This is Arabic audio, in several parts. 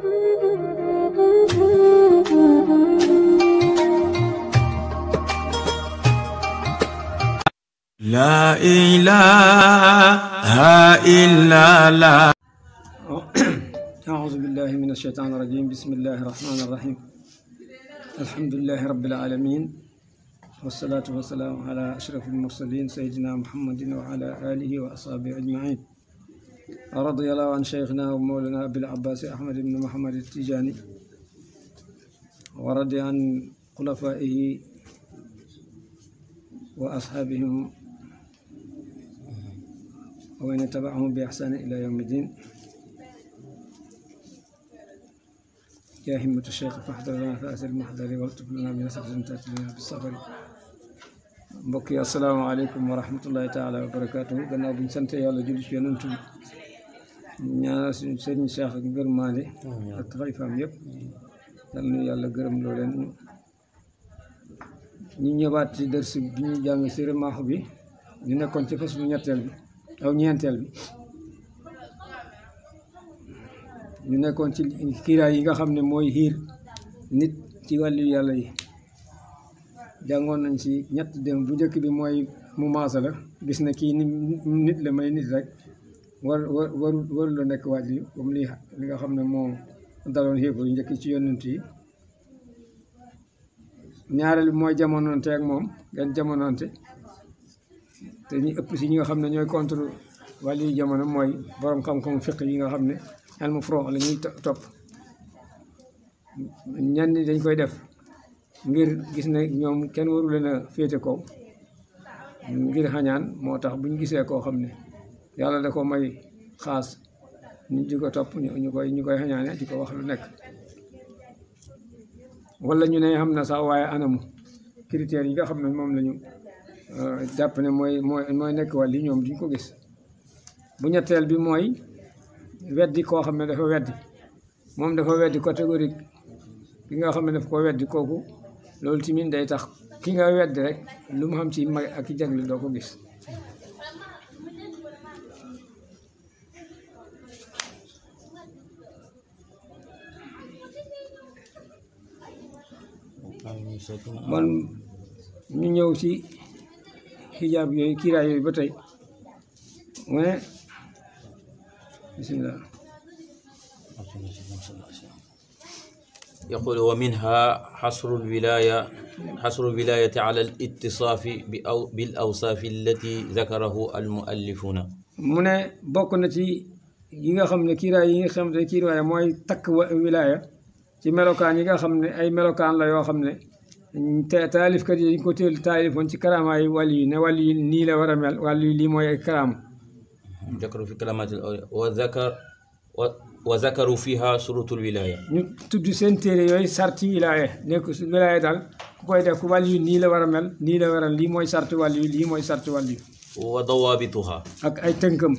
لا إله إلا لا أعوذ بالله من الشيطان الرجيم بسم الله الرحمن الرحيم الحمد لله رب العالمين والصلاة والسلام على أشرف المرسلين سيدنا محمد وعلى آله وأصحابه أجمعين رضي الله عن شيخنا ومولانا أبي العباس أحمد بن محمد التجاني ورضي عن خلفائه وأصحابهم ومن تبعهم بإحسان إلى يوم الدين يا همة الشيخ فاحضر لنا فأتي المحضر واكتب لنا بنسب تأتي لنا بكي السلام عليكم ورحمة الله تعالى وبركاته wa بن سنتي bi ñu يا ñaanal suñu sëriñ Cheikh ak ngërmaande ak xalifaam yëpp yal na yàlla gërëm loo leen ñu ñëwaat ci dërs bi ñu jàng si remaax bi ñu nekkoon ci fas bu ñetteel bi aw ñeenteel bi ñu nekkoon ci kiiraay yi nga xam ne mooy xiir nit ci wàllu yàlla yi jàngoon nañ si ñett dem bu njëkk bi mooy mu maasa la gis na kii nit la may nit rek war war waru waru nekk waaj yi comme li li nga xam ne moo daloon yéefar njëkk ci yonent yi ñaareel bi mooy jamononte ak moom ngeen jamononte te ñu ëpp si ñi nga xam ne ñooy contre wàll yi jamono mooy borom xam-xam fiq yi nga xam ne al mu frox la ñuy topp ñenn dañ koy def ngir gis ne ñoom kenn waru leen a féete kaw ngir xañaan moo tax buñ gisee koo xam ne yàlla da ko may xaas nit di ko topp ñu koy ñu koy xañaane di ko wax lu nekk wala ñu ne xam na sax waaye anamu critères yi nga xam ne moom lañu ñu euh, jàpp ne mooy mooy mooy nekk wàll yi ñoom duñ ko gis bu ñetteel bi mooy weddi koo xam ne dafa weddi moom dafa weddi catégorique ki nga xam ne daf ko weddi kooku loolu tamit day tax ki nga weddi rek lu mu xam ci may ak i jagle doo ko gis man ñu ñëw ci xijaab yooyu kiiraay yoy ba mu ne يقول ومنها حصر الولاية حصر الولاية على الاتصاف بالأوصاف التي ذكره المؤلفون mu ne bokk na ci yi nga xam ne kiiraay yi nga xam ne kiiraay mooy takk wilaaya ci melokaan yi nga xam ne ay melokaan la yoo xam ne te taalifkat yi dañ ko teel taalifoon ci karaamaay wàll yi ne wàll yi nii la war a mel wali yi lii mooy ay karaama ذكروا في كلمات وذكر وذكروا فيها شروط الولاية ñu tudd seen téere yooyu sarti wilaaya nekk wilaaya daal ku koy def ku wàll yi nii la war a mel nii la war a lii وضوابطها اك اي تنكم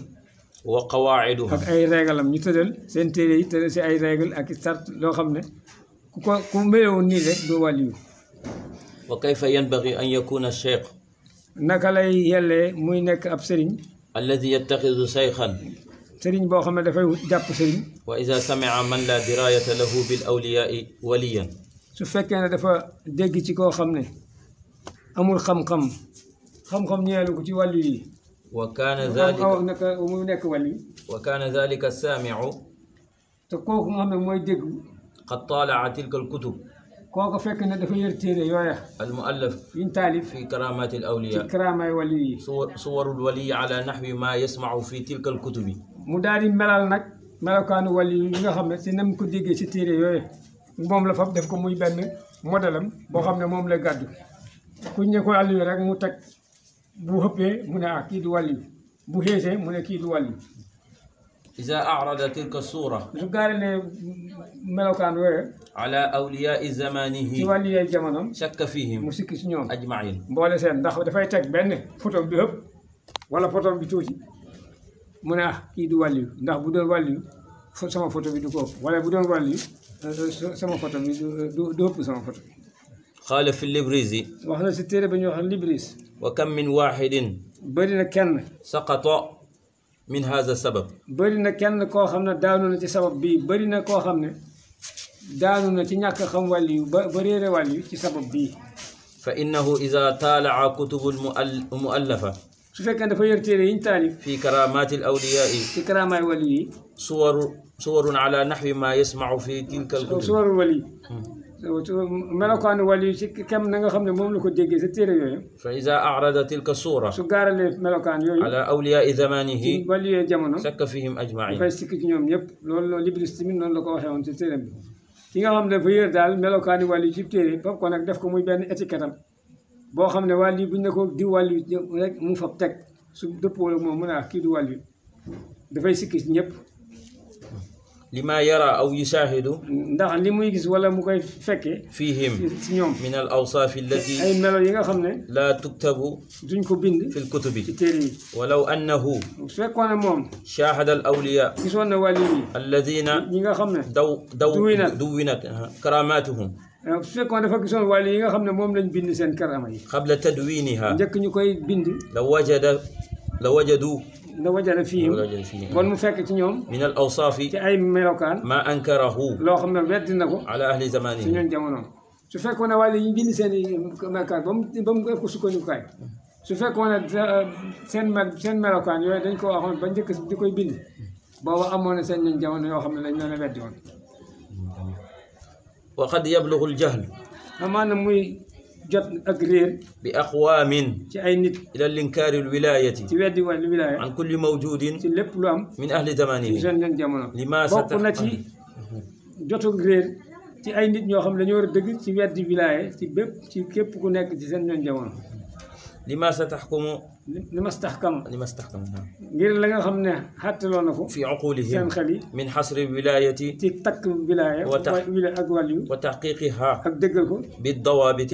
وقواعدها اك اي ريغلام ني تودال سين تيري تيري سي اي ريغل اك سارت لو خامني كو ميو ني ريك دو واليو وكيف ينبغي ان يكون الشيخ نك لاي موي نيك اب سيرين الذي يتخذ شيخا سيرين بو خامني دا فاي جاب سيرين واذا سمع من لا درايه له بالاولياء وليا su fekkee ne dafa dégg ci koo xam ne amul xam-xam ñeelu ko ci wàllu yi وكان ذلك وكان ذلك السامع قد طالع تلك الكتب كوكو فك ان دافا يويا المؤلف ينتالف في كرامات الاولياء في كرامه الولي صور, صور الولي على نحو ما يسمع في تلك الكتب مداري ملال نك ملوكان ولي ييغا خامن سي نم كو ديغي سي تيري يويا موم لا فاب داف كو موي بن مودلم بو خامن موم لا غادو كو نيكو علي رك مو تك bu xëppee mu ne ah kii du wàllu bu xeesee mu ne kii du wàllu. إذا أعرض تلك الصورة على أولياء زمانه شك فيهم أجمعين boole seen ndax dafay teg benn photo bi ëpp wala photo bi tuuti mu ne ah kii du wàllu ndax bu doon wàllu sama photo bi du ko ëpp wala bu doon wàllu euh, euh, sama photo bi euh, du ëpp sama photo bi قال في الليبريزي وحنا ستيري بن يوحنا الليبريز وكم من واحد برينا كان سقط من هذا السبب برينا كان كو خمنا دانو نتي سبب بي برينا كو خمنا دانو نتي نياك خم والي بريره والي تي سبب بي فإنه إذا طالع كتب المؤلفة شوف كان دا فير téere yi ñu taalif fi karamaati al awliyaa fi صور wali yi suwaru suwarun ala naxwi ma yasmacu fi tilka ملكان ولي شك كم نغا خمن موم لوكو ديغي ستير يوي فاذا اعرض تلك الصوره سكار لي ملكان يوي على اولياء زمانه ولي جمنو شك فيهم اجمعين فاستك نيوم ييب لول لو ليبريست مين نون لاكو واخا اون ستير بي كيغا خمن فير دال ملكان ولي شي تير فوب كون داف كو موي بن اتيكيتام بو خمن ولي بن نكو دي ولي رك مو فوب تك سو دوبول موم منا كي دو ولي دا فاي سيكي نييب لما يرى أو يشاهد فيهم من الأوصاف التي لا تكتب في الكتب ولو أنه شاهد الأولياء الذين دونت كراماتهم قبل تدوينها لو وجد لو وجدوا لا وجل فيهم بون مفك نيوم من الاوصاف اي ملوكان ما انكره لو خم ود على اهل زمانه سنين جامونو سو فكون والي بين سن ما كان بوم بوم كو سكوني كاي سو فكون سن ما سن ملوكان يوي دنج كو اخون بنجك ديكوي بين بابا امون سن نين جامونو يو خم لا نانا ود وقد يبلغ الجهل ما نموي جاب أقرير بأقوام إلى الإنكار الولاية تبدي الولاية عن كل موجود من أهل زمانه لما ستحقق jotu réer ci ay nit ñoo xam ne dañoo war a dëgg ci weddi wilaaye ci bépp ci képp ku nekk ci seen ñoon jamono لما ستحكم لما استحكم لما استحكم غير لا خمنا حتى لو نفو في عقولهم من حصر الولاية تتك ولاية وتحقيقها بالضوابط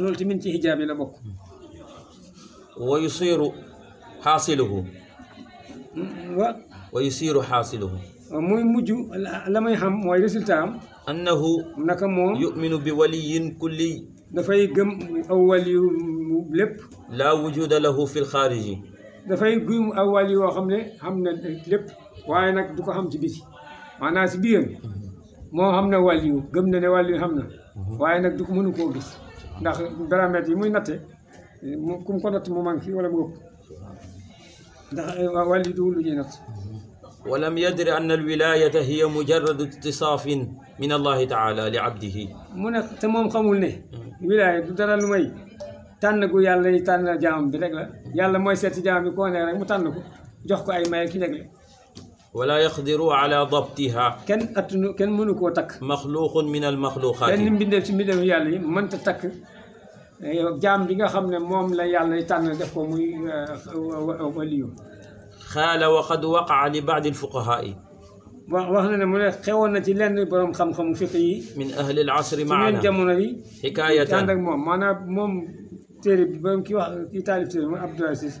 loolu tamit ci xijaab yi la bokk wa yusiru xaasiluhu wa wa yusiru xaasiluhu muy mujj la may xam mooy résultat am annahu naka moom yuminu bi waliyin kulli dafay gëm aw waliyu lépp laa wujuda lahu fi lxaariji dafay gëm aw waliyu yoo xam ne xam na lépp waaye nag du ko xam ci biti maanaam si biiram moo xam na waliyu gëm na ne waliyu xam na waaye nag du ko mënu koo gis ndax baromètre yi muy natte mu ku mu ko natt mu manqué fii wala mu ëpp ndax wàll yi du lu ñuy natt walam yadri anna alwilayata hiya mujarradu itisaafin min allahi taala li abdihi mu ne te moom xamul ne wilaaya du dara lu may tànn gu yàlla yi tànn jaam bi rek la yàlla mooy seeti jaam bi koo ne rek mu tànn ko jox ko ay maye ki rek la ولا يقدر على ضبطها كان أتنو كان منكو تك مخلوق من المخلوقات كان بندل بندل يالله من تك أيوة، جام ديغا خامن موم لا يالله يتان داف كو موي آه، وليو خال وقد وقع لبعض الفقهاء واخنا من خيونا تي لين بروم خام خام فقهي من اهل العصر معنا من جامونا دي حكايه عندك موم مانا موم تيري بروم كي واخ كي تالف تيري عبد العزيز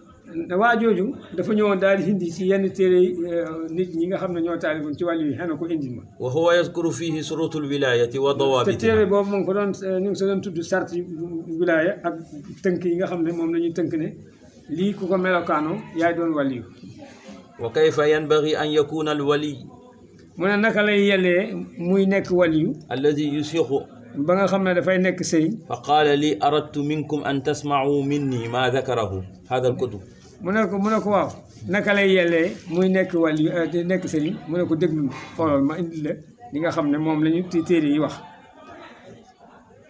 waajooju jooju dafa ñëwoon daal di indi si yenn téere nit ñi nga xam ne ñoo taalifoon ci wàllu yi xanaa ko indil ma. wa huwa yazkuru fihi surutul wilayati wa dawabitiha. te téere boobu mu ngi ko doon ñu ngi ko doon tudd sart wilaya ak tënk yi nga xam ne moom la ñuy tënk ne lii ku ko melokaanoo yaay doon waliyu. wa kayfa yanbaghi an yakuna al wali. mu ne naka lay yellee muy nekk waliyu. alladi yusiqu. ba nga xam ne dafay nekk sëy. fa qaala li aradtu minkum an tasma'u minni ma dakarahu hada al kutub. mu ne ko mu ne ko waaw naka lay yellee muy nekk wàllu nekk sëriñ mu déglu xoolal ma indi la li nga xam ne moom la yi wax.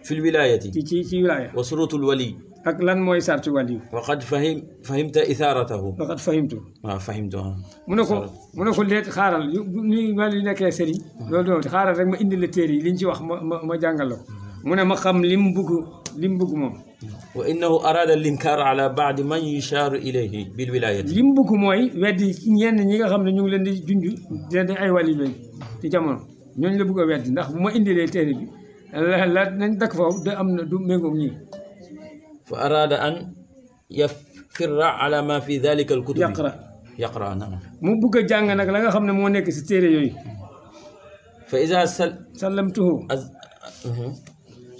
fi lwilaayati ci ci ci wilaaya. wa surutul wali. ak lan mooy sartu wali. waqad fahim fahimta ithaaratahu. waqad fahimtu. waaw fahimtu waaw. mu ne ko mu ne ko léegi xaaral ni ma li nekkee sëriñ. loolu doon rek ma indi la téere yi ci wax ma jàngal ko. mu ma xam li mu وانه اراد الانكار على بعض من يشار اليه بالولايه فاراد ان يفر على ما في ذلك الكتب يقرا يقرا نعم مو بوغا جانغ نك لاغا خامل مو نيك يوي فاذا سل... سلمته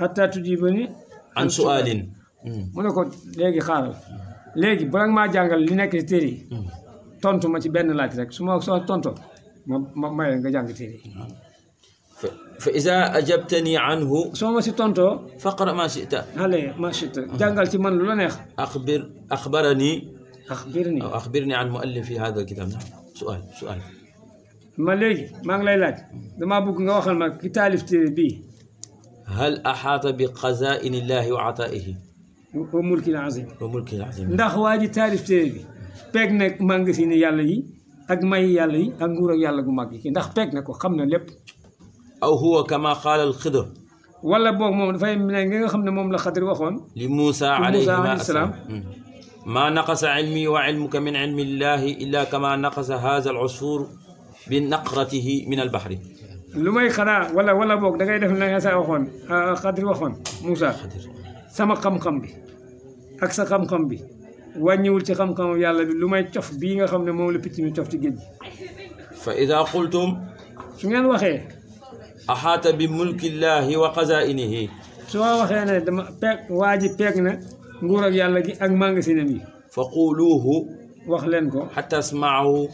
حتى تجيبني عن سؤال منكو لغي خال لغي بلا ما جانغال لي نيك تيري تونتو ما سي بن لاج رك سوما سو تونتو ما ما نغا جانغ تيري فاذا اجبتني عنه سوما سي تونتو فقرا ما شئت هلي ما شئت جانغال سي من اخبر اخبرني اخبرني أو اخبرني عن مؤلف في هذا الكتاب نعم سؤال سؤال ما لغي ما لاج دما بوك نغا وخال ما كي تالف تيري بي هل احاط بقزائن الله وعطائه وملك العظيم وملك العظيم ندخ واجي تعرف تيغي بك نك مانغ سين يالا يي اك ماي يالا يي اك غور يالا غو ماغي او هو كما قال الخضر ولا بوك موم فاي ميغا خمنا موم لا خضر واخون لموسى عليه السلام ما نقص علمي وعلمك من علم الله الا كما نقص هذا العصفور بنقرته من البحر لماي خنا ولا ولا بوك دعاي دفن لنا سا وخون خادر وخون موسى خادر سما خم خم بي أكسا خم خم بي وانيول تي خم خم يالا بي لماي تشوف بينا خم نمو لبتي مي تشوف تجدي فإذا قلتم شنو وخي أحاط بملك الله وقزائنه سوا وخينا دم بيك واجي بيكنا نقول يالا كي أعمانك سينمي فقولوه وخلنكو حتى اسمعوا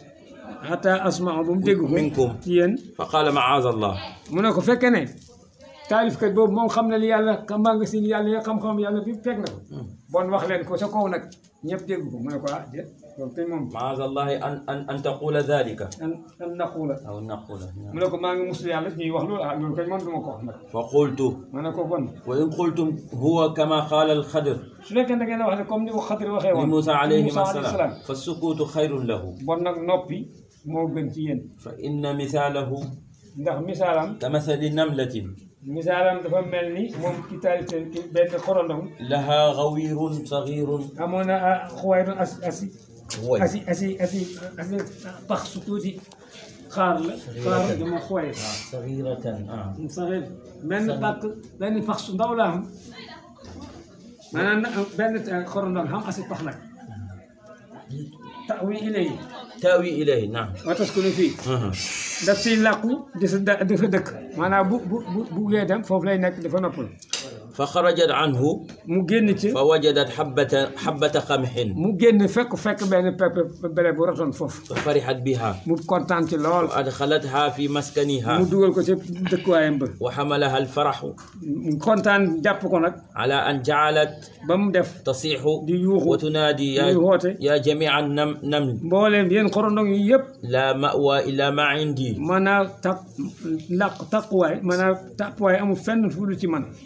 حتى أسمع بوم منكم كين فقال معاذ الله منك فكنا تعرف كتبوب مم خمنا لي على كم بانك سين لي خم لي في فكنا بون وخلين كوسا كونك نيب تيجو منك واحد معاذ الله أن أن أن تقول ذلك أن أن نقول أو نقول نعم. منك ما مسلم على في وخلو على كل من دم كونك فقلت منك فن وإن قلتم هو كما قال الخدر شو لك أنك واحد كم دم خدر وخير موسى عليه السلام فالسكوت خير له بون نوبي موجنتين فإن مثاله ده مثالاً كمثل نملة مثالاً ده فملني مم كتال بيت خرلهم لها غوير صغير أمونا خوير أس أسي أسي أسي أسي أسي بخصوتي خار خار دم خوير صغيرة آه صغير بين بق بين بخص دولهم أنا بين خرلهم هم أسي طحنك تأوي إليه taawi ilayhi naam wa taskunu fii daf siy làqu di fa dëkk maanaam bu bu bu bu gee dem foofu lay nekk dafa noppal فخرجت عنه فوجدت حبه حبه قمح مجن فرحت بها مو ادخلتها في مسكنها وحملها الفرح على ان جعلت تصيح وتنادي يا يا جميع النمل لا ماوى الا ما عندي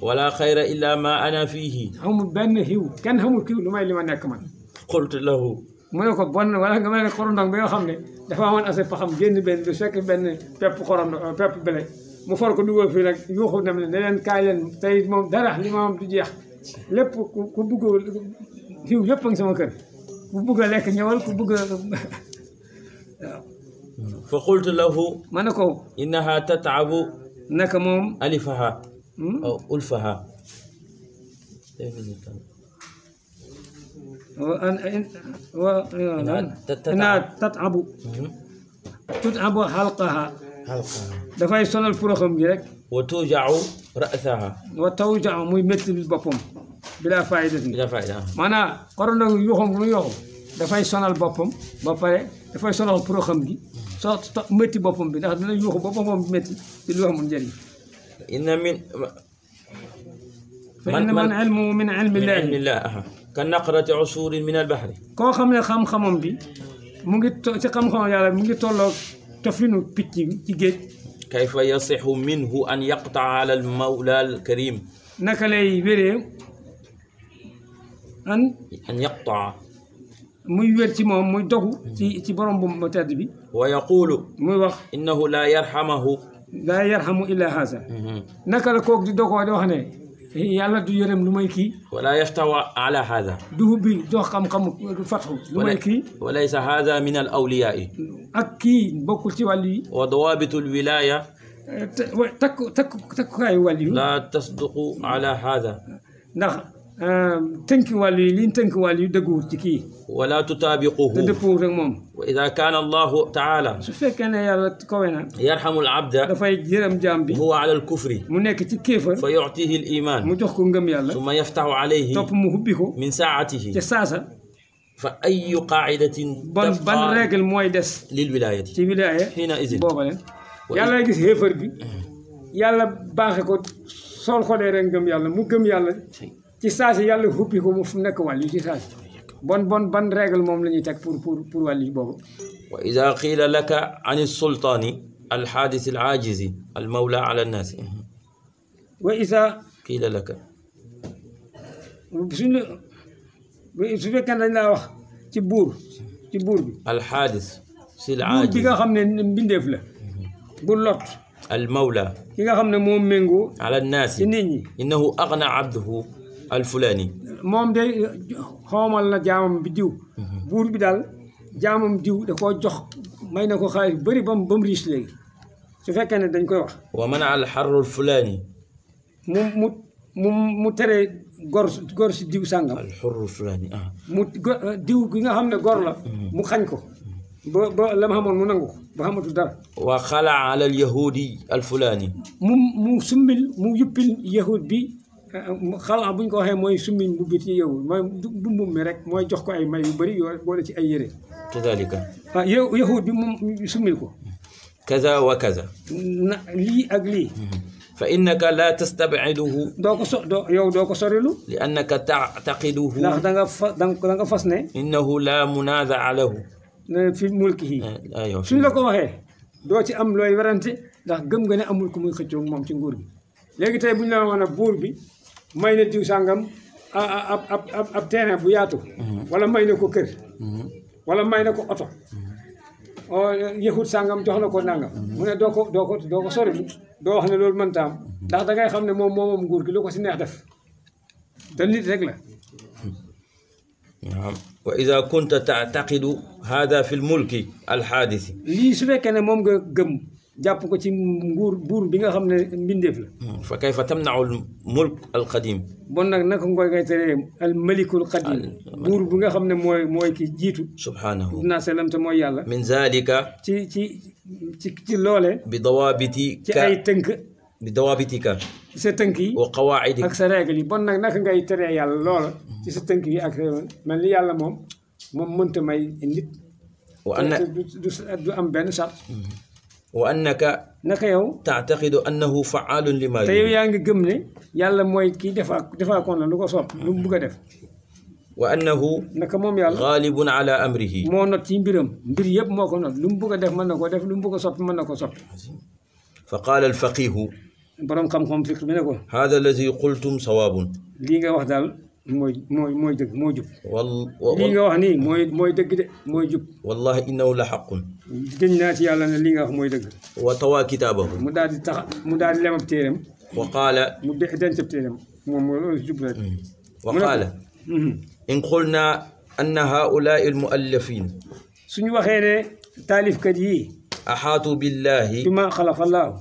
ولا خير الخير إلا ما أنا فيه هم بن هيو كان هم كيو لما اللي من كمان قلت له ما يكون بن ولا كمان قرن دم بيا خمني دفع وان أسي خم جن بن بشكل بن بيب قرن بيب بلي مفرق دوا في لك يوخو نمن لين كاين تيد مم درح لما مم تجيح لب كبوكو هيو لب عن سمكر كبوكو لك نيوال كبوكو فقلت له ما نكو إنها تتعب نكمم ألفها أو ألفها وأن إن وأن تتعب تتعب حلقها حلقها دفاي سونال فرخم جي رك وتوجع رأسها وتوجع موي متي بالبوبم بلا فائدة بلا فائدة معناها قرن يوخم لو يوخم دفاي سونال بوبم باباري دفاي سونال فرخم جي سو متي بوبم بي داخ دنا يوخ بوبم متي لو خمون جاري إن من فإنما من علمه من علم الله من علم الله كنقرة عصور من البحر كو خامل خام خامم بي موغي تي خام خام يالا موغي تولو تفينو بيتي تي جيج كيف يصح منه أن يقطع على المولى الكريم نكالي ويري أن أن يقطع muy wér ci moom muy dogu ci ci borom bu tedd bi wa yaqulu muy wax innahu la yarhamahu la yarhamu illa haza naka la koog di dogoo di wax ne إيه، يلا دو يرم لوماي ولا يفتوى على هذا دو بي دو خام خام فتح لوماي وليس هذا من الاولياء اكي بوكل تي وضوابط الولايه إيه، تك تك تك هاي لا تصدق على هذا نخ تنكي والي لين تنكي والي دقور تكي ولا تطابقه دقور مم وإذا كان الله تعالى شوفك أنا يا تكوينا يرحم العبد دفاي جنبي هو على الكفر منك تكفر فيعطيه الإيمان متوخكم جم يلا ثم يفتح عليه طب مهبه من ساعته جساسا فأي قاعدة بل بل موي مويدس للولاية تي ولاية حينئذ بابا يلا غيس هيفر بي يلا باخكو سول خديرن جم يلا مو جم يلا ci sasi yàlla xuppi ko mu fu nek wàllu ci sasi bon bon ban règle mom lañuy tek teg pour pour pour wàllu bobu wa ida qila laka an as-sultan al-hadith al-ajiz al-mawla ala an-nas wa isa qila laka suñ la su fekkee dañ la wax ci bour ci bour bi al si sil buur bi nga xamne ne la bu lot المولى كيغا خامن مو مينغو على الناس انه اغنى عبده الفلاني موم داي خومال نا جامم بيديو بور بي دال جامم ديو داكو جخ ماي نكو خاي بري بام بام ريش لي سو فكاني دنج كوي واخ ومنع الحر الفلاني مو مو مو تري غورس غورس ديو سانغام الحر الفلاني اه مو ديو كيغا خامنا غور لا مو خانكو با با لام خامون مو نانغو با خاماتو دار وخلع على اليهودي الفلاني مو مو سمل مو يوبيل يهود بي xal a bu ko waxee mooy summiñ bu biti yow mooy du mbub mi rek mooy jox ko ay may yu bëri yoo boole ci ay yére. kadalika. ah yow yahud bi moom summil ko. kaza wa kaza. na lii ak lii. fa innaka la tastabiduhu. doo ko so do yow doo ko sorilu. li annaka taqiduhu. ndax da nga fa da nga fas ne. innahu la munaadaa lahu. fi mulkihi. aywa suñ la ko waxee. doo ci am looy werante ndax gëm nga ne amul ku muy xëccoo moom ci nguur gi léegi tey buñ la waxoon buur bi. ماينا ديو سانغام اب اب اب اب واذا كنت تعتقد هذا في الملك الحادث لي سوي كان موم غم جاب كتي مغور بور بيغا خامل مبندف لا فكيف تمنع الملك القديم بون نك نك نكو تري الملك القديم بور بيغا خامل موي موي كي جيتو سبحانه ربنا سلام تا موي من ذلك تي تي تي لولي بضوابطك تي اي تنك بضوابطك سي تنكي وقواعدك اكثر رجلي بون نك نك نكاي تري يالا لولا تي سي من لي يالا موم موم مونتو ماي نيت وان دو ام بن وانك نك تعتقد انه فعال لما يريد تيو ياغي گمني يالا موي كي ديفا ديفا كون لو كو سوب لو وانه نك موم غالب على امره مو نوت سي مبيرم مبير ييب موكو نوت لو بوغا ديف من نكو ديف لو بوغا سوب فقال الفقيه هذا الذي قلتم صواب ليغا واخ mooy mooy mooy dëgg mooy jub. wal li nga wax nii mooy mooy dëgg de mooy jub. wallahi innahu la xaqun. gëñ naa ci yàlla ne li nga wax mooy dëgg. wa tawaa kitaabahu. mu daal di tax mu daal di lemab téeram. wa qaala. mu de dencab téeram moom mooy loolu jub rek. wa qaala. in qulna anna haulaai almuallafin. suñu waxee ne taalifkat yi. axaatu billahi. bima xalaqa allahu.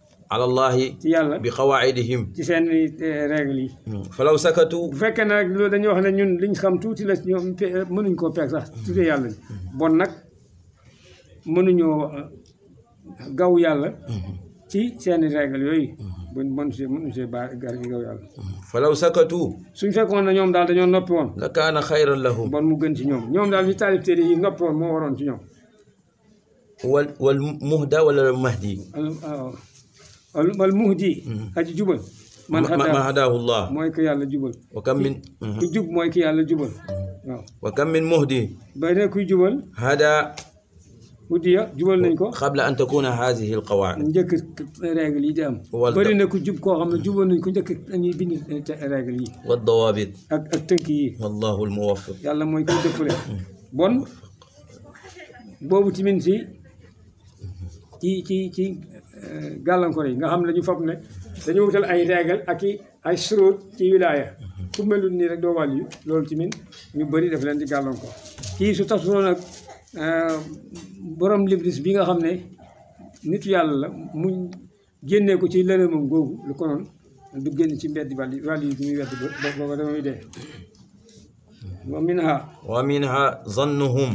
على الله بقواعدهم فلو سكتوا فكان لو دا نيو خنا نون لي خام توتي لا نيو منو كو بيك صح تودي يالا بون نك منو نيو غاو يالا تي سين ريغل يوي بون بون سي منو سي با غار غاو يالا فلو سكتوا سون فكون نيوم دال دا نيو نوبي وون لكان خيرا لهم بون مو گن سي نيوم نيوم دال في طالب تي نوبي وون مو ورون سي نيوم والمهدى ولا المهدي المهدي هاجي جوبل من هداه الله موي كي يالا جوبل وكم من كي جوب موي كي يالا وكم من مهدي بين كوي جوبل هدا مهدي جوبل قبل ان تكون هذه القواعد نجك راجل يدام بري نكو جوب كو خم جوبل نجك اني بين راجل يي والضوابط التنكي والله الموفق يالا موي كي ديفل بون بوبو تيمين تي تي تي gàllankoor yi nga xam ne ñu foog ne dañoo wutal ay régal ak i ay suróot ci wilaaya ku melul nii rek doo wàll yu loolu tamit ñu bëri def leen di gàllankoor kii su tasuloo nag borom libris bi nga xam ne nit yàlla la mu génnee ko ci lërëmam googu lu konoon du génn ci mbedd wàll wàll yi muy wedd booba damay dee wa minha wa minha zannuhum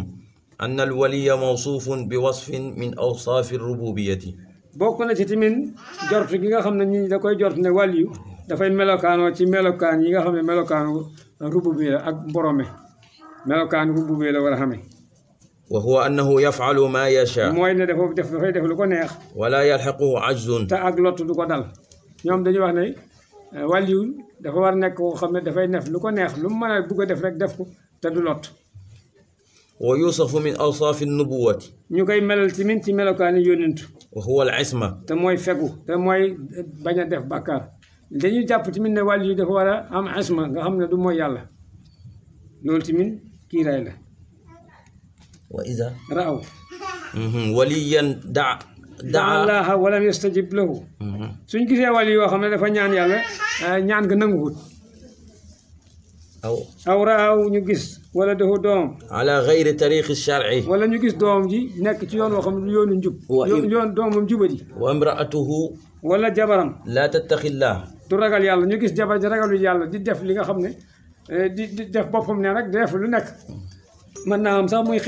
أن الولي موصوف بوصف من أوصاف الربوبية bokk na ci timin jort gi nga xamne ñi da koy jort ne waliyu da fay melokan ci melokan yi nga xamne melokan xam ne melokaanu rububi la xamé wa huwa annahu yaf'alu ma yasha moy ne ak def melokaan def lu ko neex wala yalhaquhu ajzun ta ak lot du ko dal ñom dañuy wax ne wàlliyu dafa war nek ko xamne da fay neef lu ko neex lu mu bu ko def rek def ko ta du lot ويوصف من أوصاف النبوة. nubuwati ñu koy melal ci وهو العصمة تموي فقو تموي بني دف بكر دنيو جاب تمين نوال يد هو لا أم عصمة هم ندم ويا الله نقول تمين كي وإذا رأوا وليا دع دع الله ولم يستجب له سن كي يا ولي وهم لا فنيان يا الله نيان كنغوت أو أو رأوا نجس ولده دوم على غير التاريخ الشرعي ولا نيجيس دوم جي نيك تي وخم يون نجوب يون دوم مجوبدي وامراته ولا جبرم لا تتخي الله ترغال يالا نيجيس جبر جرغال يالا دي ديف ليغا خم ني إيه، دي ديف بوبم ني رك ديف من نام سام موي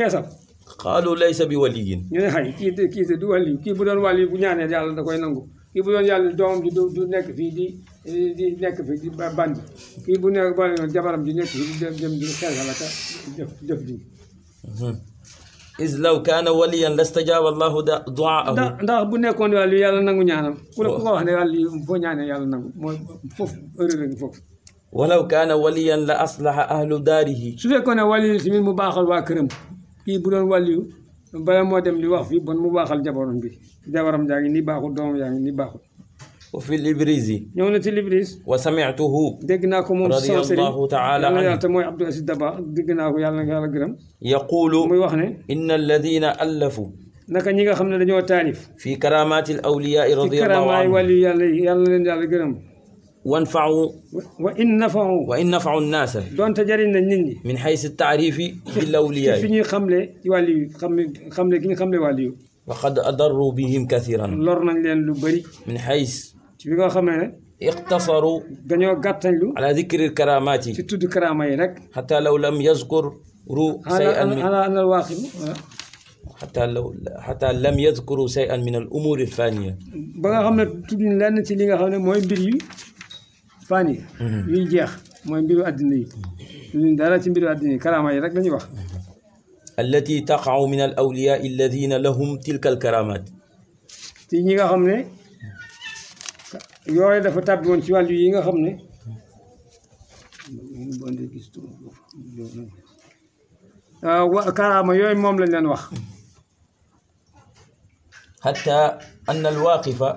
قالوا ليس بولي ني هاي كي كي دو كي بودون ولي بو نيان يالا داكاي ki bu don yal dom du du nek fi di di nek fi di band ki bu nek bal non jabaram di nek di dem dem du xel la ta def def di إذ لو كان وليا لاستجاب الله دعاءه دا دا بو نيكون يالو يالا نغو نيانام كول كو واخ ني يالو بو نيان يالا نغو مو فوف اوريلين فوف ولو كان وليا لاصلح اهل داره سو فيكون ولي سمي مباخل وا كرم كي بودون وليو bala mo dem li wax fi bon mu baxal jabaram bi jabaram jaa ngi ni baaxul doomam yaa ngi ni degnako mom sallallahu ta'ala الإبريز وسمعته moy abdou asid daba degnako yalla nga دبا gërem yaqulu muy wax ne inna alladhina allafu naka ñi nga xamne ne dañoo taalif. fi karamatil awliya radiyallahu anhu. ci karaamaay wàllu yàlla yàlla leen yàlla gërëm. وانفعوا وإن نفعوا وإن نفعوا الناس دون تجارين نيني من حيث التعريف بالأولياء فيني خملة يوالي خملة كني خملة واليو وقد أضروا بهم كثيرا لورنا لين لبري من حيث تبقى خملة اقتصروا على ذكر الكرامات حتى لو لم يذكر رو شيئا من أنا أنا الواخم حتى لو حتى لم يذكروا شيئا من الأمور الفانية بقى خملة تبين ليغا تلقى موي مهم فاني ينجح مهم بيرو أدني من دارات بيرو أدني كرامة يرك بني وح التي تقع من الأولياء الذين لهم تلك الكرامات تيجي كهمني يوم هذا فتاب من شوال يجي كهمني آه، كرامة يوم مملن ينوح حتى أن الواقفة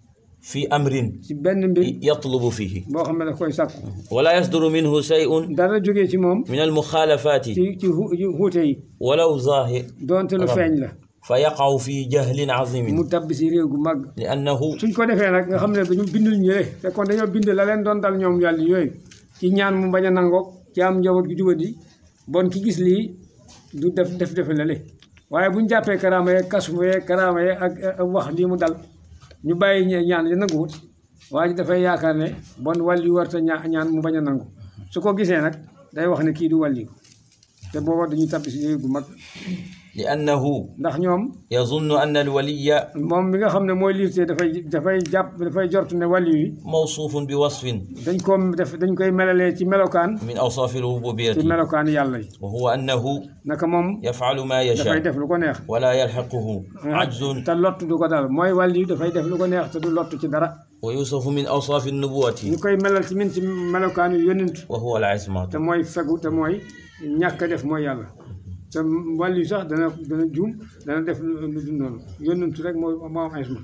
في أمر يطلب فيه ولا يصدر منه شيء من المخالفات ولو ظاهر فيقع في جهل عظيم لأنه bon ki gis lii du def def defe la le waaye bu ñu jàppee karaama yeeg kasuma yeeg karaama yeeg ak wax lii mu dal ñu bàyyi ñaan li nanguwut waa ji dafay yaakaar ne bon wàll yu warta a ñaan mu bañ a nangu su ko gisee nag day wax ne kii du wàll yi te booba dañuy tàbbi si yooyu gu mag لانه ناخ يظن ان الولي موم ميغا خامني موي ليف دا فاي جاب دا جورت ني ولي موصوف بوصف دنجكم دنجكاي ملالي تي ملوكان من اوصاف الربوبيه تي ملوكان يالا وهو انه نك موم يفعل ما يشاء دا فاي لوكو نيه ولا يلحقه ah, عجز تا دوكو دال موي ولي دا فاي لوكو نيه تا لوت تي دارا ويوسف من اوصاف النبوه نكاي ملال تي من ملوكان يوننت وهو العزمه تا موي فغو تا موي نياكا ديف موي يالا te wàll yi sax dana dana juum dana def lu dul noonu yónnantu rek moo moo am isma.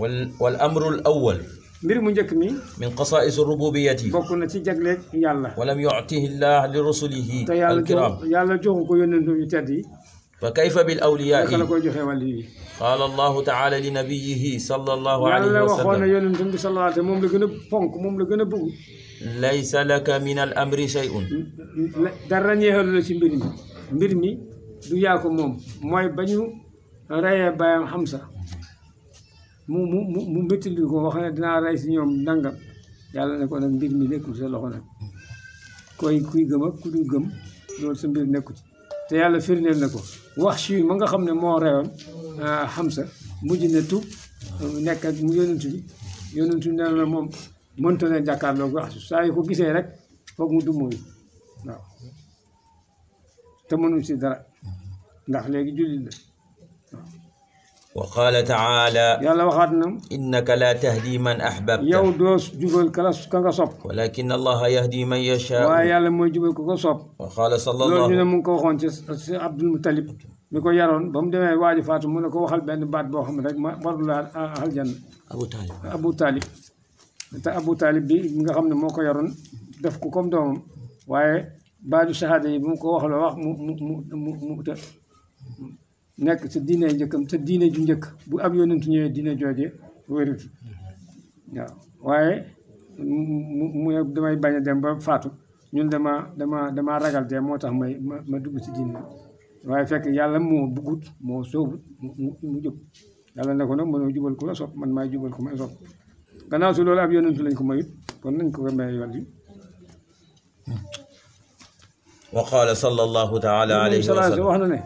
wal wal amrul awwal. mbir mu njëkk mi. min xasaa'is rububiyyati. bokk na ci jagleeg yàlla. walam yu'tihi llaah li rusulihi. te yàlla jox yàlla joxu ko yónnantu yu tedd yi. fa kayfa bil awliyaa yi naka la koy joxee wàll yi. qaala allahu taala li nabiyihi sallallahu alayhi wa sallam. yàlla waxoon na yónnantu bi sallallahu alayhi moom la gën a fonk moom la gën a bëgg. laysa laka min al amri shay'un. dara ñeexalu la ci mbir mi. mbir mi du yaa ko moom mooy ba ñu reyee baayam Hamza mu mu mu mu métti lu ko wax ne dinaa rey si ñoom nangam ko nag mbir mi nekkul loxo koy kuy gëm ku dul gëm loolu sa mbir nekku ci te yàlla firndeel na ko wax si ma nga xam ne moo reyoon ah, Hamza mujj na tuub nekk mu yónantu bi yónantu ne la moom mënta na jàkkaarloo wax saa yu ko gisee rek foog mu du mooy وقال تعالى يلا انك لا تهدي من احببت يو دوس جوبل كلاس كانغا صوب ولكن الله يهدي من يشاء وا يالا مو جوبل كوكو صوب وقال صلى الله عليه وسلم نمو كو خون سي عبد المطلب نيكو يارون بام ديمي وادي فاطمه مو نكو وخال بن بات بو خم رك ما بار لا اهل جن ابو طالب ابو طالب انت ابو طالب بي ميغا خم نمو كو يارون داف كو كوم دوم وايي بعد الشهادة يبوك يعني واخل واخ مو مو مو مو نك تدينا جكم تدينا جنجك بو أبي ونن تني دينا جوجي ويرف يا واي مو مو يبدو ما يبان يدم بفاتو نون دما دما دما رجال دم ما ما ما دوب تدينا واي فك يا لم مو بقط مو سو مو مو جب يا لم نكون من يجيب الكل سوف من ما يجيب الكل سوف كنا سلول أبي ونن تلين كمايت فنن كمايت يالدي وقال صلى الله تعالى عليه وسلم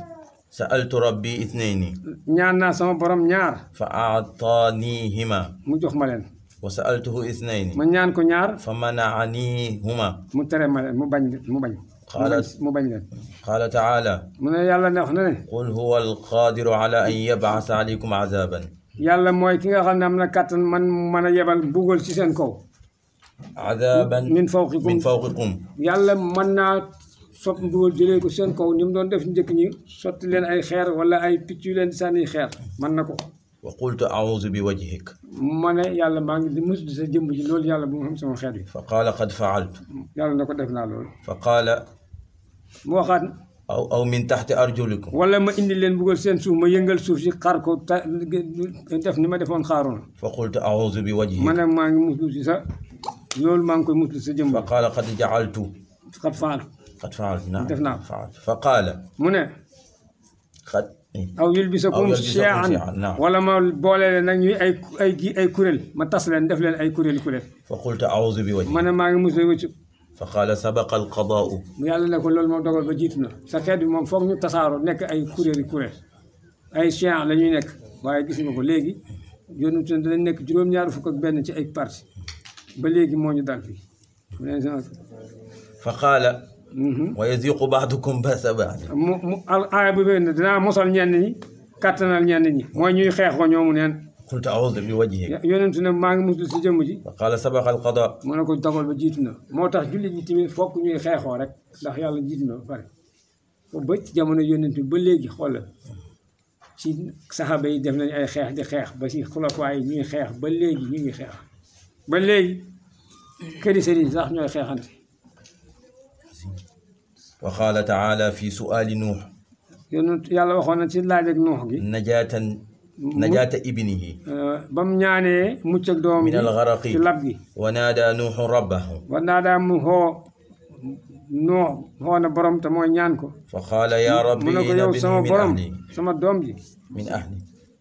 سألت ربي اثنين نيانا سما برام نيار فأعطانيهما مجوخ مالين وسألته اثنين من نيان كو نيار فمنعنيهما متري مالين مبنج مبنج قالت مبين قال تعالى من يلا نحن قل هو القادر على أن يبعث عليكم عذابا يلا موي كيغا خاندي امنا كاتن من مانا يبال بوغل سي سين كو عذابا من فوقكم من فوقكم يلا منا sot mbugal jëlee ko seen kaw ni mu doon def njëkk ñi sotti leen ay xeer wala ay picc yu leen sànni xeer mën na ko wa qultu audu bi wajhik ma ne yàlla maa ngi mus di sa jëmm ji loolu yàlla bu mu xam sama xeet bi fa qaala qad faaltu yàlla na ko def naa loolu fa qaala mu waxaat aw aw min taxti arjulikum wala ma indi leen buggal seen suuf ma yëngal suuf si xaar ko ta def ni ma defoon xaaroon fa qultu audu bi wajhik ma ne maa ngi muslu si sa loolu maa ngi koy muslu sa jëmm fa qaala qad jaaltu qad faaltu قد فعلت نعم قد فعلت. فعلت فقال منى قد إيه؟ او يلبسكم شيعا نعم. ولا ما بولا نني اي اي اي كورل ما تصل ندفل اي كورل كورل فقلت اعوذ بوجه من ما مسويتش فقال سبق القضاء يلا نقول لهم دوغ بجيتنا سكاد مو فوق ني تصارو نيك اي كورل كورل اي شيعا لا ني نيك واي غيسنا كو ليغي يونيو تند لا نيك جوروم نيار فوك اك بن سي اي بارتي با ليغي مو ني دال فقال ويذيق بعضكم باس بعض الآية بين دنا مصل نيانني كاتنا نيانني ما ني خيخ نيوم نيان قلت اعوذ بوجهك يونس نم ما ngi musul ci jëm ji قال سبق القضاء مونا كو تاغول با جيتنا موتاخ جولي ني تيمين فوك ني خيخو رك داخ يالا جيتنا فاري بوج جامونو يونس با لegi خول ci sahaba yi def nañ ay xex di xex ba ci xulaf way ñuy xex ba legi ñuy xex ba legi keri serigne sax ñoy xexante وقال تعالى في سؤال نوح يلا وخونا تي لاجك نوح جي نجاة نجاة ابنه آه، بام نياني موتك دوم من الغرق ونادى نوح ربه ونادى نوح نوح هو برم تمو نيانكو فقال يا ربي نبني من أهلي من أهلي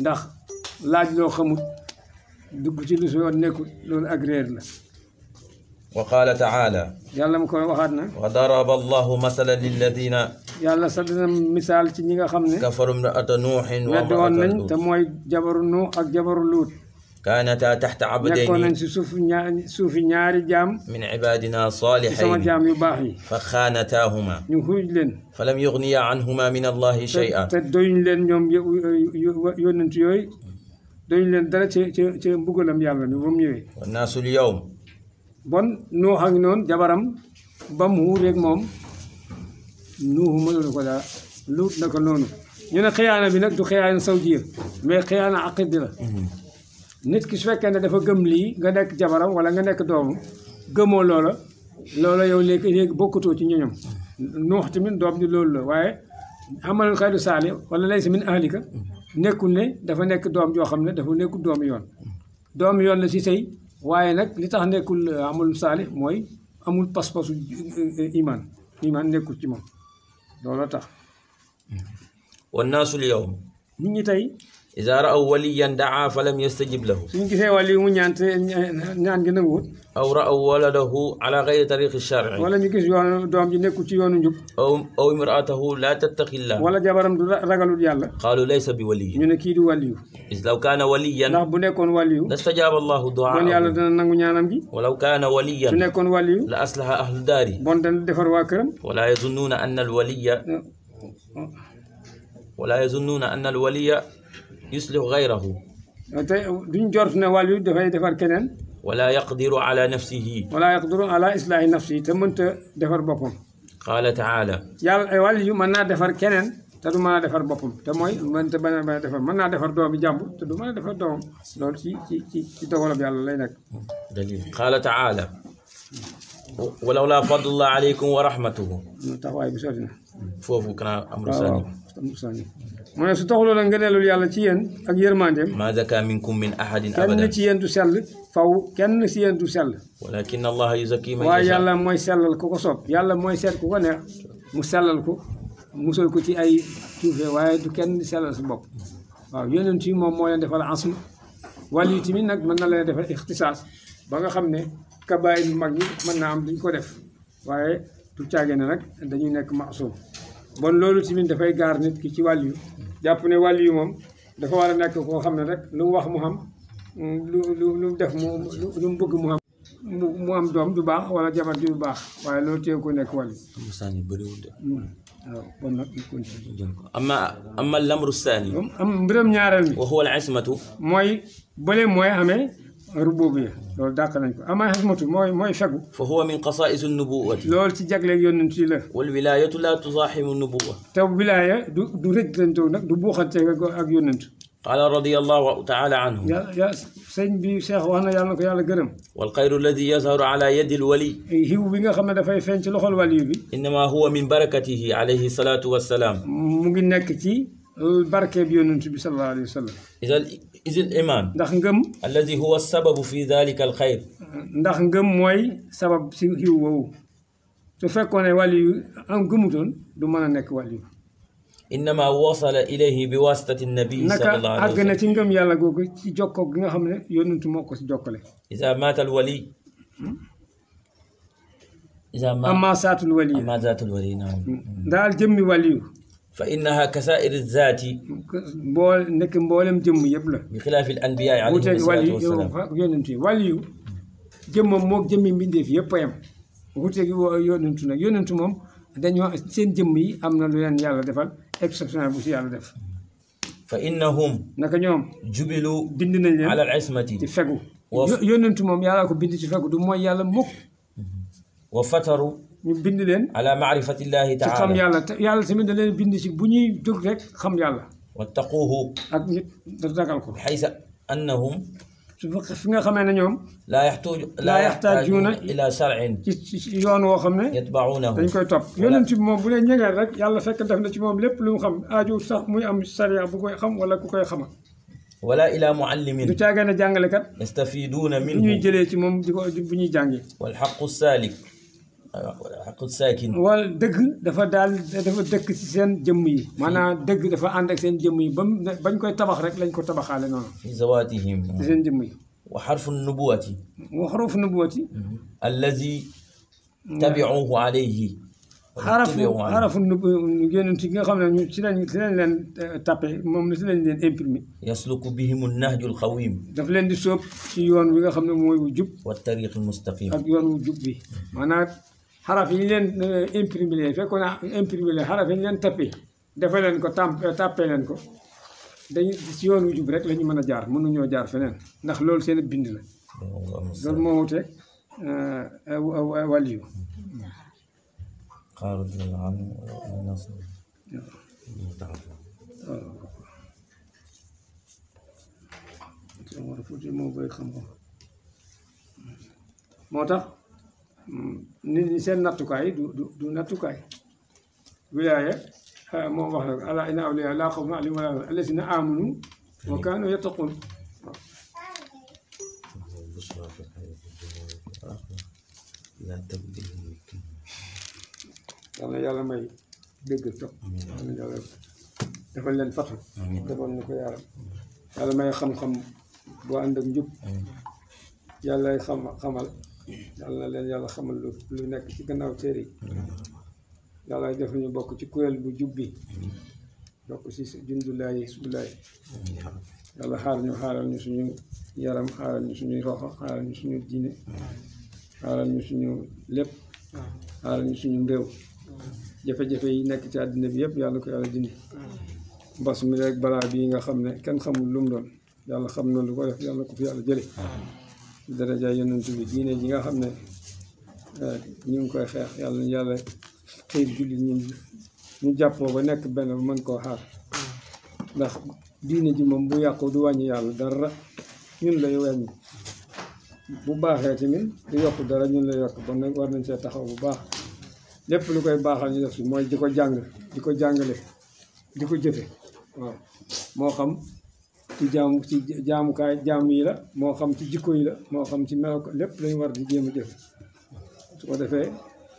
ndax laaj loo xamut dugg ci lu si nekkul loolu ak réer la وقال تعالى وضرب الله مثلا للذين كفروا امرأة نوح وامرأة لوط كانتا تحت عبدين من عبادنا صالحين فخانتاهما فلم يغنيا عنهما من الله شيئا والناس اليوم بن نو هاغنون جبرام بام هوريك موم نو هما لوت نكو نونو ني نا خيانه بي نك دو nit ki su fekkee ne dafa gëm lii nga nekk jabaram wala nga nekk doomu gëmoo loola loola yow léegi léegi bokkutoo ci ñoñom nuux tamit doom di loolu la waaye amal xayru saali wala laysa min ahlika nekkul ne dafa nekk doom joo xam ne dafa nekkul doom yoon doom yoon la si sëy waaye nag li tax nekkul amul saali mooy amul pas eh, imaan iman nekkul ci moom loola tax wannaasul yow nit ñi tey إذا رأوا وليا دعا فلم يستجب له أو رأوا ولده على غير طريق الشرع أو أو امرأته لا تتقي الله قالوا ليس بولي إذا لو كان وليا لاستجاب الله دعاء ولو كان وليا لأصلح أهل داري ولا يظنون أن الولي أه. ولا يظنون أن الولي يسلب غيره ولا يقدر على نفسه ولا يقدر على إصلاح نفسه تمنت دفر بكم قال تعالى يا ولي من دفر كنن تدو ما دفر بكم تموي من تبنا ما دفر من دفر دوم جنب تدو ما دفر دوم لول شي شي شي دوغلب يالله لينك دليل قال تعالى ولولا فضل الله عليكم ورحمته تواي امر آه، ساني امر ساني ما زكا منكم من احد ابدا ولكن الله يزكي من يشاء وا موي سيت كوكو نير مو سلل كو موسول كو تي اي توفي واي دو كين سلل سو بوب واو آه، يونتي موم مو لين ديفال عصم وليتي من نك من لا ديفال اختصاص باغا خامني kabaayir yu mag yi man naa am ñu ko def waaye du caage ne nag dañuy nekk maasum bon loolu tamit dafay gaar nit ki ci wàllu yu jàpp ne wàllu moom dafa war a nekk koo xam ne rek lu mu wax mu xam lu lu lu mu def mu lu mu mu am doom du baax wala jabar du baax waaye loolu téye ko nekk wàllu. sànni bëriwul de. Hmm. waaw bon nag ñu continué. amma amma lamru saani. am mbiram ñaareel mi. wa huwa al mooy bële mooy amee. ربوبيه لول داك نكو اما موي موي فغو فهو من قصائص النبوه لول تي يوننتي لا والولايه لا تزاحم النبوه تو ولايه دو نك دو بوخانتي اك قال رضي الله تعالى عنه يا يا سيد بي شيخ وانا يالا نكو يالا غرم والخير الذي يظهر على يد الولي هيو بيغا خما دا فاي لخول ولي بي انما هو من بركته عليه الصلاه والسلام موغي نك تي البركه صلى الله عليه وسلم اذا is l iman ndax ngëm alladi huwa sababu fi dalika al xayr ndax ngëm mooy sabab si xiw woowu su fekkoon ne wàllu yu am gëmutoon du mën a the wàllu yu innama wasala ilayhi bi wasitati nabi naka àgg na ci ngëm yàlla googu ci jokkoo gi nga xam ne yonentu moo ko jokkale isa maata al wali isa amma saatul wali amma saatul wali naam daal jëmmi wàllu فإنها كسائر الذات بول نك مبولم جيم ييبلا بخلاف الأنبياء عليهم الصلاة والسلام ولي جيم موك جيم مينديف ييب يام ووتي يوننت نك يوننت موم دانيو سين جيم مي امنا لولن يعني يالا ديفال اكسبسيونال بو يالا ديف فإنهم نك نيوم جبلوا بند نين على العصمة تي فغو يوننت موم يالا كو بند تي فغو دو مو يالا موك وفتروا على معرفة الله تعالى واتقوه حيث انهم لا يحتاجون الى شرع يتبعونه ولا الى معلم يستفيدون منه والحق السالك xaqu saakin wala dëgg dafa daal dafa dëkk si seen jëmm yi maanaam dëgg dafa ànd ak seen jëmm yi ba bañ koy tabax rek lañ ko tabaxaale noonu fi zawaatihim si seen jëmm yi wa xarfu nubuwati wa xarfu nubuwati allazi tabiuhu alayhi xarafu xarafu nubu yonent yi nga xam ne ñu ci lañ ci lañ leen tappe moom si lañ leen imprimé yasluku bihim nahju lxawim daf leen di sóob ci yoon wi nga xam ne mooy wu jub wa tariq almustaqim ak yoon wu jub bi maanaam xaraf yi ñu leen euh, imprimé leen fekkoon naa imprimé leen xaraf yi ñu leen tapé defe ko tam euh, tàppee ko dañu si yoon wu jub rek la mën a jaar mën mënuñoo jaar feneen ndax loolu seen bind la loolu moo wuteeg euh, wàll moo tax nit seen nattukaay du du nattukaay wilaaya ah, moom wax rek alaa inna awliyaa laa xawfun alayhim wa laa hum allaziina aamanu wa kaanu yattaquun yal yàlla may dégg topp yal na yàlla defal leen fatu defal ko yàlla yàlla may xam-xam boo ànd ak njub yàlla xam xamal yàlla na leen yàlla xamal lu lu nekk ci gannaaw téere yi yàlla def ñu bokk ci kuréel bu jub bi bokk ci jundulaay sulaay yàlla xaar ñu xaaral ñu suñu yaram xaaral ñu suñuy roxo xaaral ñu suñu diine xaaral ñu suñu lépp xaaral ñu suñu réew jafe-jafe yi nekk ci àddina bi yëpp yàlla ko yàlla dindi mbas mi rek balaa bii nga xam ne kenn xamul lu mu doon yàlla xam na lu ko def yàlla ko fi yàlla jële daraja yonent bi diine ji nga xam ne euh, ñu ngi koy xeex yàlla na yàlla xiir jullit ñu jàppoo ba nekk benn bu mën koo xaar ndax diine ji moom bu yàqu du wàññi yàlla dara ñun lay wàññi bu baaxee tamit du yokk dara ñun lay yokk bon nag war nañ see taxaw bu baax lépp lu koy baaxal ñu def si mooy di ko jàng di ko jàngale di ko jëfe waaw moo xam ci jaamu ci jaamukaay jaamu yi la moo xam ci jikko yi la moo xam ci melo lépp lañu war di jéem a jëf su ko defee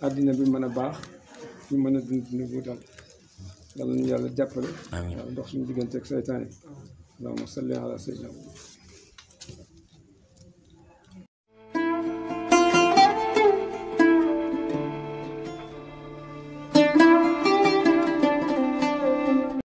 àddina bi mën a baax ñu mën a dund dund bu dal yàlla ñu yàlla jàppale amiin dox suñu diggante ak seytaane allahumma salli ala sayyidina